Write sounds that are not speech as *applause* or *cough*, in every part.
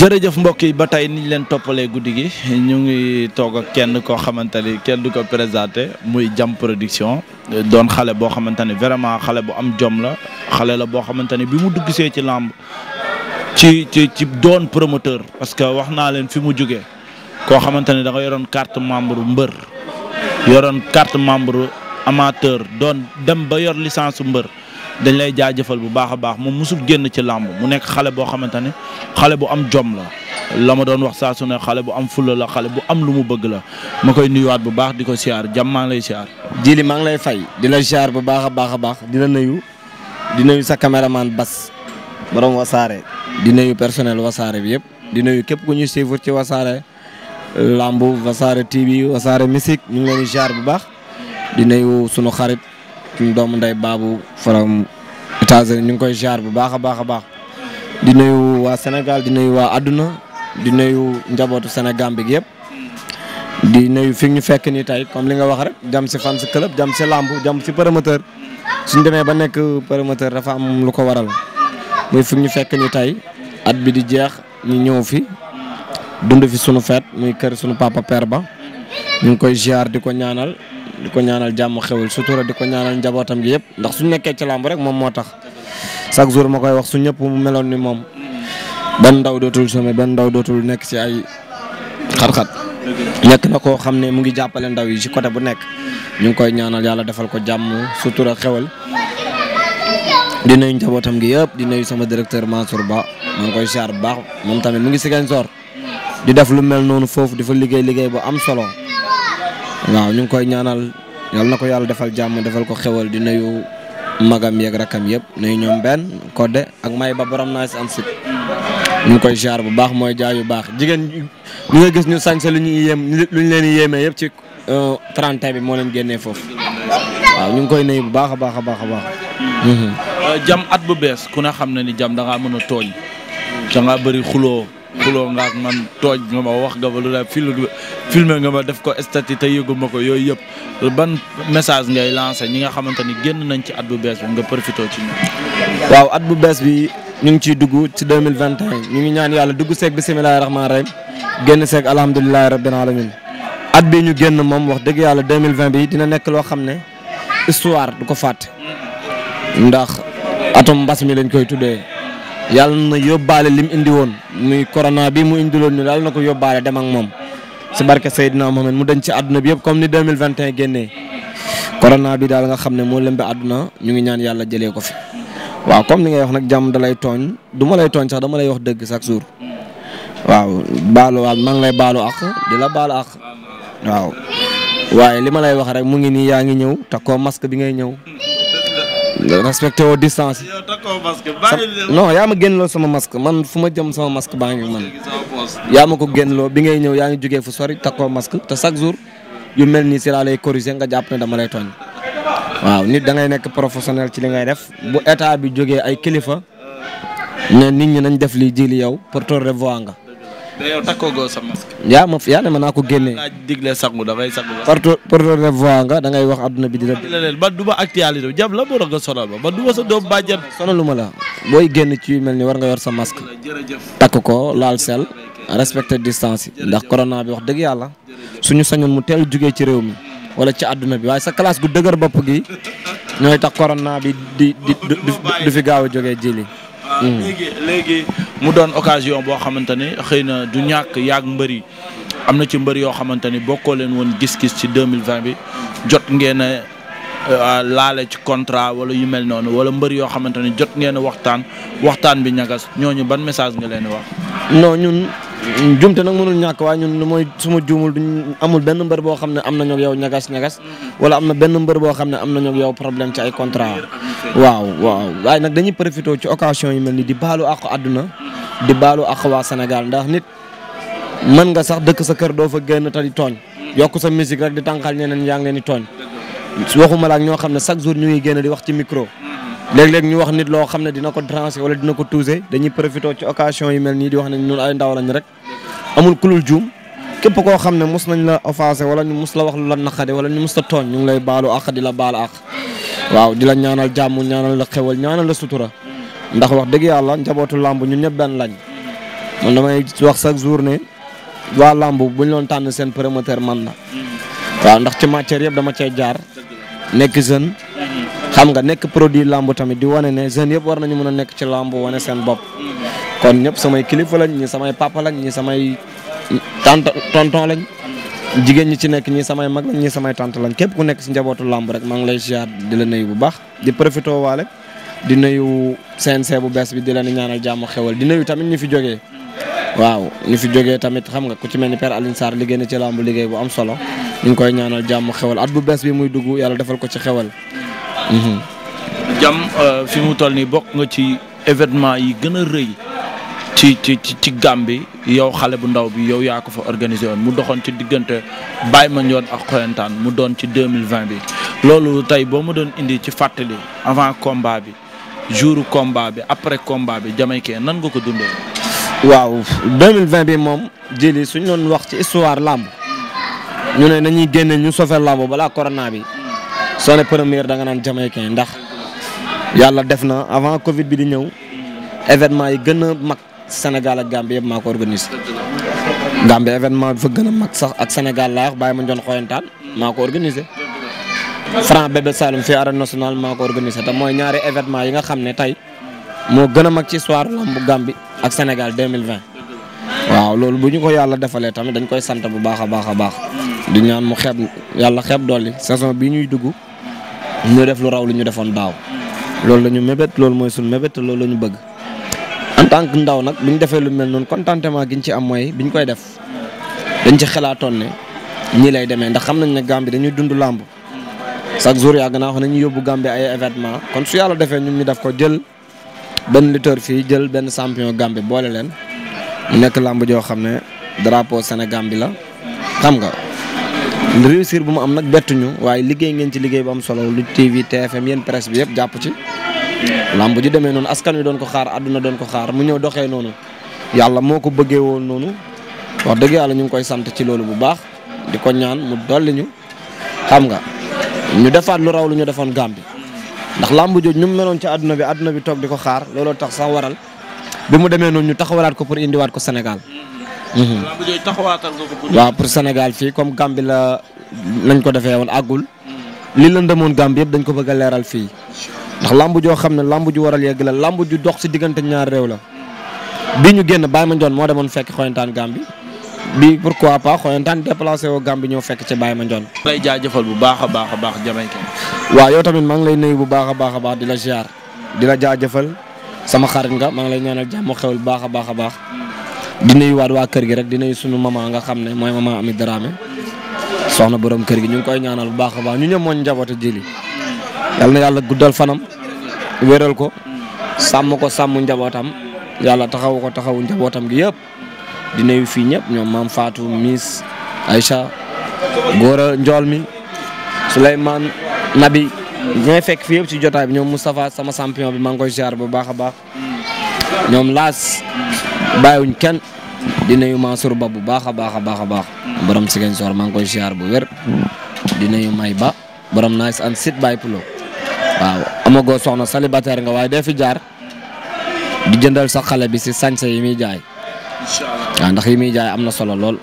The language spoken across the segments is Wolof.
jërëjëf mbokk yi ba tey niñ leen toppalee guddi gi ñu ngi toog ak kenn koo xamante ni kenn du ko présenté muy Jam Production doon xale boo xamante ni vraiment xale bu am jom la xale la boo xamante ni bi mu duggusee ci làmb ci ci ci doon promoteur parce que wax naa leen fi mu jógee koo xamante ni da yoroon carte membre mbër yoroon carte membre amateur doon dem ba yor licence mbër dañ lay jaajëfal bu baax a baax moom musul génn ci làmb mu nekk xale boo xamante ne xale bu am jom la la ma doon wax saa su ne xale bu am fulla la xale bu am lu mu bëgg la ma koy nuyuwaat bu baax di ko siyaar jàmm maa ngi lay siyaar. jili maa ngi lay fay di la siyaar bu baax a baax a baax di la nuyu di nuyu sa caméraman Bas borom wasaare di nuyu personnel wasaare bi yëpp di nuyu képp ku ñuy suivre ci wasaare lamb wasaare TV wasaare musique ñu ngi leen siyaar bu baax di nuyu sunu xarit. suñu doomu nday baabu from États-Unis ñu ngi koy jaar bu baax baax a baax di nuyu waa Sénégal di nuyu waa àdduna di nuyu njabootu Sénégal bi yëpp. di nuyu fi ñu fekk nii tey comme li nga wax rek jam si fan si club jam si làmb jam si promoteur suñ demee ba nekk promoteur dafa am lu ko waral muy fi ñu fekk nii tey at bi di jeex ñu ñëw fi dund fi sunu feet muy kër sunu papa père ba ñu koy ziar di ko ñaanal. di ko ñaanal jàmm xewal sutura di ko ñaanal njabootam gi yëpp ndax su nekkee ci làmb rek moom moo tax chaque jour ma koy wax su ñëpp mu meloon ni moom benn ndaw dootul somé benn ndaw dootul nekk ci ay xat-xat nekk na koo xam ne mu ngi jàppale ndaw yi ci côté bu nekk ñu ngi koy ñaanal yàlla defal ko jàmm sutura xewal di nuyu njabootam gi yëpp di nuyu sama directeur Mansour Ba maa ngi koy siyaar bu baax moom tamit mu ngi si gañ soor di def lu mel noonu foofu di fa liggéey liggéey bu am solo waaw ñu ngi koy ñaanal yal na ko yàlla defal jàmm defal ko xewal di nuyu magam yeeg rakam yëpp nuyu ñoom benn kodde ak may ba borom naa si am sit ñu koy jaar bu baax mooy jaay yu baax jigéen ñu nga gis ñu sañse lu ñuy yéem lu ñu leen di yéemee yëpp ci 30 euh, bi moo leen génnee foofu waaw ñu ngi koy nuyu bu baax a baax a baax a baax. jam mhm. euh, at bu bees ku ne xam ne ni jam da ngaa mën a tooñ. da ngaa bëri nga ak man tooñ nga ma wax nga lu la fi filmer nga ma def ko statut te yëgu ma ko yooyu yëpp ban message ngay lancé ñi nga xamante ni génn nañ ci at bu bees bi nga profité ci waaw at bu bees bi ñu ngi ciy dugg ci 2021 ñu ngi ñaan yàlla dugg seeg bisimilah rahmaani rahim génn seeg alhamdulilah rabbil alamin at bi ñu génn moom wax dëgg yàlla 2020 bi dina nekk loo xam ne histoire du ko fàtte ndax atum mbas mi lañ koy tuddee yàlla na yóbbaale lim indi woon muy corona bi mu indiloon ñu yàlla na ko yóbbaale dem ak moom. si barke Seydina Mohamed mu denc ci àdduna bi yëpp comme ni 2021 génnee corona bi daal nga xam ne moo lëmbe àdduna ñu ngi ñaan yàlla jëlee ko fi waaw comme ni ngay wax nag jàmm da lay tooñ duma lay tooñ sax dama lay wax dëgg chaque jour waaw baalu ak maa ngi lay baalu ak di la baalu ak waaw waaye li ma lay wax rek mu ngi nii yaa ngi ñëw te ko masque bi ngay ñëw. respecté woo distance yi. yaa ma génnloo sama masque man fu ma jëm sama masque baa ngi man yaa ma ko génnloo bi ngay ñëw yaa ngi jugee fu sori takkoo masque te chaque jour yu mel ni si laa lay corriger nga jàpp ne dama lay tooñ. waaw nit da ngay nekk professionnel ci li ngay def bu état bi jógee ay kilifa ne nit ñi nañ def li jili yow pour te revoir nga. mais yow takkoogoo sa masque. yaa ma yaa naa ko génnee. naa digle sangu dafay sangu. porte porte de voix nga dangay ngay wax adduna bi di la. ba du ma actualité jàpp la boo doon nga sonal ma ba du ma sa doom bàjjen. sonalu ma la booy génn ci yu mel ni war nga yor sa masque. takk ko laal sel respecter distance yi. ndax corona bi wax dëgg yàlla suñu sañoon mu teel jugee ci réew mi. wala ci àdduna bi waaye sa classe gu dëgër bopp gi ñooy tax corona bi di di du fi gaaw a jógee jili Ah, mm. léegi léegi mu doon occasion boo xamante ne xëy na du ñàkk yàgg mbër yi am na ci mbëri yoo xamante ni bokkoo leen woon gis-gis ci 2020 bi jot ngeen a euh, laale ci contrat wala yu mel noonu wala mbëri yoo xamante ni jot ngeen waxtaan waxtaan bi ñagas ñooñu ban message nga leen wax. non ñun jumte nag mënul ñàkk waaye ñun mooy suma juumul duñ amul benn mbër boo xam ne am na ak yow ñagas ñagas mm-hmm. wala am na benn mbër boo xam ne am nañu ak yow problème ci ay contrat waaw waaw waaye nag dañuy profité ci occasion yi mel ni di baalu àq àdduna. di baalu àq waa Sénégal ndax nit man nga sax dëkk sa kër doo fa génn te di tooñ. yokk sa musique rek di tànqal ñeneen yaa ngi leen di tooñ. waxuma la ñoo xam ne chaque jour ñu ngi génn di wax ci micro. Mm-hmm. léeg-léeg ñu wax nit loo xam ne dina ko tranché wala dina ko touché dañuy profité ci occasion yi mel nii di wax ne ñun ay ndaw lañ rek amul kulul juum képp koo xam ne mos nañ la offensé wala ñu mos la wax lu la naqade wala ñu mos la tooñ ñu ngi lay baalu àq di la baal àq waaw di la ñaanal jàmm ñaanal la xewal ñaanal la sutura ndax wax dëgg yàlla njabootu làmb ñu ñëpp benn lañ man damay wax chaque jour ne waa làmb bu ñu loon tànn seen promoteur man na waaw ndax ci matière yëpp dama cee jaar nekk jeune xam nga nekk produit làmb tamit di wane ne jeune yëpp war nañu mën a nekk ci làmb wane seen bopp kon ñëpp samay kilifa lañ ñi samay papa lañ ñi samay tonton lañ jigéen ñi ci nekk ñi samay mag lañ ñii samay tante lañ képp ku nekk si njabootu làmb rek maa ngi lay ziar di la nuyu bu baax di profité waale di nuyu CNC bu bees bi di ni ñaanal jàmm xewal di nuyu tamit ñu fi jógee waaw ñu fi jógee tamit xam nga ku ci mel ni per Aline Sarr liggéey na ci làmb liggéey bu am solo ñu koy ñaanal jàmm xewal at bu bees bi muy dugg yàlla defal ko ci xewal. Mhm. jàmm euh, fi mu toll nii bokk nga ci événement yi gën a rëy ci ci ci Gambie yow xale bu ndaw bi yow yaa ko fa organisé woon mu doxoon ci diggante Baye Mandione ak Xoyantaan mu doon ci 2020 bi loolu tey boo ma doon indi ci fàttali avant combat bi jour combat bi après combat bi Jamaïcain nan nga ko dundee. waaw 2020 bi moom jëli suñ doon wax ci histoire làmb ñu ne nañuy génne ñu sauver làmb balaa corona bi soo ne première da nga naan Jamaïcain ndax yàlla def na avant Covid bi di ñëw événement yi gën a mag. Sénégal ak Gambie yëpp maa ko organisé. Gambie événement fa gën a mag sax ak Sénégal laa wax bàyyi ma ñu doon xoyantaan maa ko organisé. Franc Bébé Saloum fii arène nationale maa ko organisé te mooy ñaari événement yi nga xam ne tey moo gën a mag ci histoire lambu Gambie ak Sénégal 2020. waaw loolu bu ñu ko yàlla defalee tamit dañ koy sant bu baax a baax a baax. di ñaan mu xeeb yàlla xeeb dolli saison bii ñuy dugg ñu def lu raw lu ñu defoon daaw. loolu la ñu loolu mooy suñu mébét loolu la ñu bëgg. tànk ndaw nag bi ñu defee lu mel noonu contentement gi ñu ci am mooy bi ñu koy def dañ ci xalaatoon ne ñii lay demee ndax xam nañ ne Gambie dañuy dund làmb chaque jour yàgg naa wax nañu yóbbu Gambie ay événement kon su yàlla defee ñun ñu def ko jël benn lutteur fii jël benn champion Gambie boole leen mu nekk làmb joo xam ne drapeau Sénégal bi la xam nga réussir bu mu am nag bettuñu waaye liggéey ngeen ci liggéey bu am solo lu TV TFM yéen presse bi yëpp jàpp ci lamb ji demee noonu askan wi doon ko xaar àdduna doon ko xaar mu ñëw doxee noonu yàlla moo ko bëggee woon noonu wax dëgg yàlla ñu ngi koy sant ci loolu bu baax di ko ñaan mu dolli ñu xam nga ñu defaat lu raw lu ñu defoon Gàmbi ndax lamb jooju ñu meloon ci àdduna bi àdduna bi toog di ko xaar looloo tax sax waral bi mu demee noonu ñu taxawalaat ko pour indiwaat ko senegal mhm. lamb jooju taxawaatal nga ko pour. waaw pour Sénégal fii comme Gàmbi la lañ ko defee woon àggul li lëndëmoon Gàmbi yëpp dañ ko bëgg leeral fii. ndax lamb joo xam ne lamb ju waral yegg la lamb ju dox si diggante ñaar réew la bi ñu génn Baye Mandione moo demoon fekk xoyantaan Gàmbi bi pour pourquoi pas xoyantaan déplacé woo Gàmbi ñëw fekk ci Baye Mandione. lay jaajëfal bu baax a baax a baax Jamaïcain. waaw yow tamit maa ngi lay nuyu bu baax a baax a baax di la ziar di la jaajëfal sama xarit nga maa ngi lay ñaanal jàmm xewal baax a baax a baax di nuyu waat waa kër gi rek di nuyu sunu maman nga xam ne mooy maman Ami Dramé soxna borom kër gi ñu ngi koy ñaanal bu baax a baax ñu ñëpp mooñ njaboot a jëli yal na yàlla guddal fanam wéral ko sàmm ko sàmm njabootam yàlla taxaw ko taxawu njabootam gi yëpp di nuyu fii ñëpp ñoom maam Fatou Miss Aïcha Gora Njool mi Souleymane Nabi ñooy fekk fii yëpp si jotaay bi ñoom Moustapha sama champion bi maa ngi koy ziar bu baax a baax ñoom laas bàyyiwuñ kenn di nuyu Mansour Ba bu baax a baax a baax a baax borom Ziguinchor maa ngi koy ziar bu wér di nuyu May Ba borom Nice and Sit by Pulo waaw amagoo soxna célibataire nga waaye dee fi jaar di jëndal sa xale bi si sañse yi muy jaay. waaw ndax yi muy jaay am na solo lool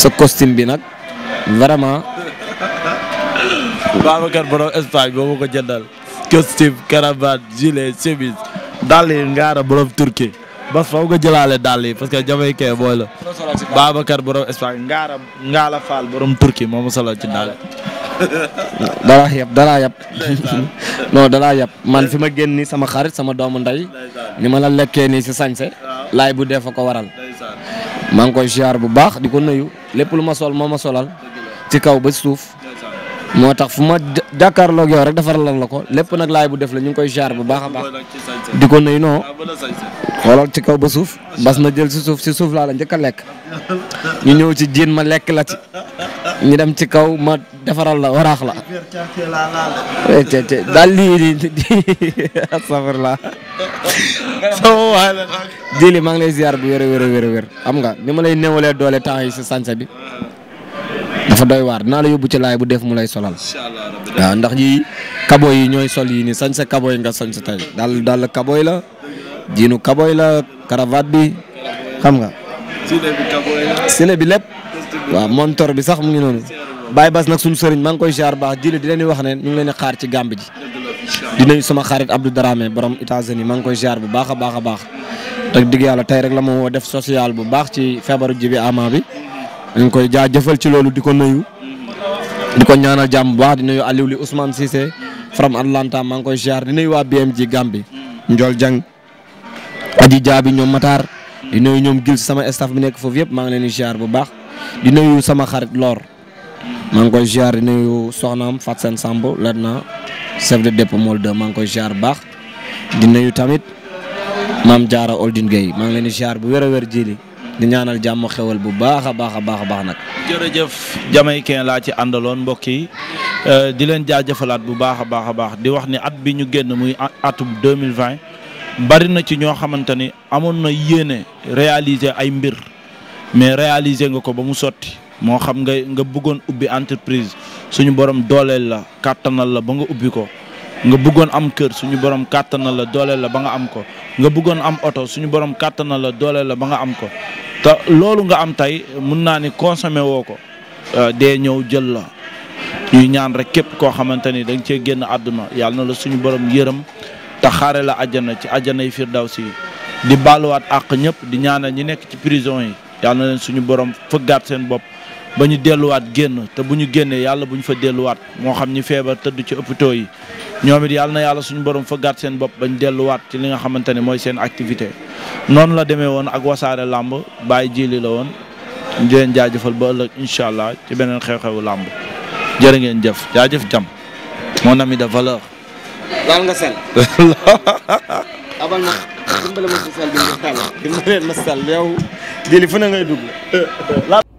sa costume bi nag vraiment. Babacar borom Espagne boo ma ko jëndal costume cravate gilet chemise ngaara borom Turquie bas faw nga jëlaale dàll yi parce que jamaïcain booy la Babacar borom Espagne ngaara faal borom Turquie moo ma solo ci dàll *laughs* dalaa yab dalaa yab *laughs* non dalaa yab man fi ma génn nii sama xarit sama doomu ndey ni ma la lekkee nii si sañse laay bu dee fa ko waral maa ngi koy ziar bu baax di ko nuyu lépp lu ma sol moo ma solal ci kaw ba suuf moo tax fu ma jàkkaarloog yow rek defaral lan la ko lépp nag laay bu def la ñu ngi koy ziar bu baax di ko nuyu non xoolal ci kaw ba suuf bas na jël si suuf si suuf laa la njëkk a lekk ñu ñëw ci jiin ma lekk la ci *laughs* ñu dem ci kaw ma defaral la waraax la. Eh, daal lii di *laughs* astafurlah. sama la nag. Djily maa ngi lay bi bu wér a xam nga ni ma lay néewalee doole temps yi si sanse bi dafa doy waar naa la yóbbu ci laay bu def mu lay solal. waaw ndax yii kabo yi ñooy sol yi nii sanse kabo yi nga sanse tey daal daal kabo la jiinu kaboy la cravate bi xam nga. sile bi kabo waaw montor bi sax mu ngi noonu Baye Bass nag suñu sëriñ maa ngi koy jaar baax jili di leen wax ne ñu ngi leen xaar ci gàmb ji dinañ sama xarit Abdou Dramé borom États-Unis maa ngi koy ziar bu baax a baax a baax te digg yàlla tey rek la ma woo def social bu baax ci feebaru ji bi ama bi ñu koy jaajëfal ci loolu di ko nuyu di ko ñaanal jàmm bu baax di nuyu Aliou li Ousmane Cissé from Atlanta maa ngi koy ziar di nuyu waa BMG Gambie Ndiol Dieng Aji Jaabi ñoom Matar di nuyu ñoom gil sama staff bi nekk foofu yëpp maa ngi leen di ziar bu baax di nuyu sama xarit Lor maa ngi koy ziar di nuyu soxnaam Fat seen Samb leer na chef de dépôt Molde maa ngi koy ziar baax di nuyu tamit maam Diarra Oldin Gueye maa ngi leen di ziar bu wér a wér di ñaanal jàmm xewal bu baax a baax a baax a baax nag. jërëjëf jamaïcain laa ci àndaloon mbokk yi euh, di leen jaajëfalaat bu baax a baax a baax di wax ni at bi ñu génn muy atum 2020 bari na ci ñoo xamante ni amoon na yéene réaliser ay mbir. mais réaliser nga ko ba mu sotti moo xam nga nga bëggoon ubbi entreprise suñu borom dooleel la kàttanal la ba nga ubbi ko nga bëggoon am kër suñu borom kàttanal la dooleel la ba nga am ko nga bëggoon am oto suñu borom kàttanal la dooleel la ba nga am ko te loolu nga am tey mun naa ni consommé woo ko euh, dee ñëw jël la ñuy ñaan rek képp koo xamante ni da cee génn àdduna yàlla na la suñu borom yërëm te xaare la àjjana ci àjjana yi si di baaluwaat àq ñëpp di ñaanal ñi nekk ci prison yi yàlla na leen suñu borom fëggaat seen bopp ba ñu delluwaat génn te bu ñu génnee yàlla bu ñu fa delluwaat moo xam ñi feebar tëddu ci hôpitaux yi ñoom it yàlla na yàlla suñu borom fëggaat seen bopp ba ñu delluwaat ci li nga xamante ne mooy seen activité. noonu la demee woon ak wasaare làmb bàyyi jiili la woon di leen jaajëfal ba ëllëg incha allah ci beneen xew-xewu làmb jërë ngeen jëf jaajëf jam mon ami de valeur. laal nga sel. *laughs* abal ma dimbale ma si jëli fu ngay dugg euh, euh,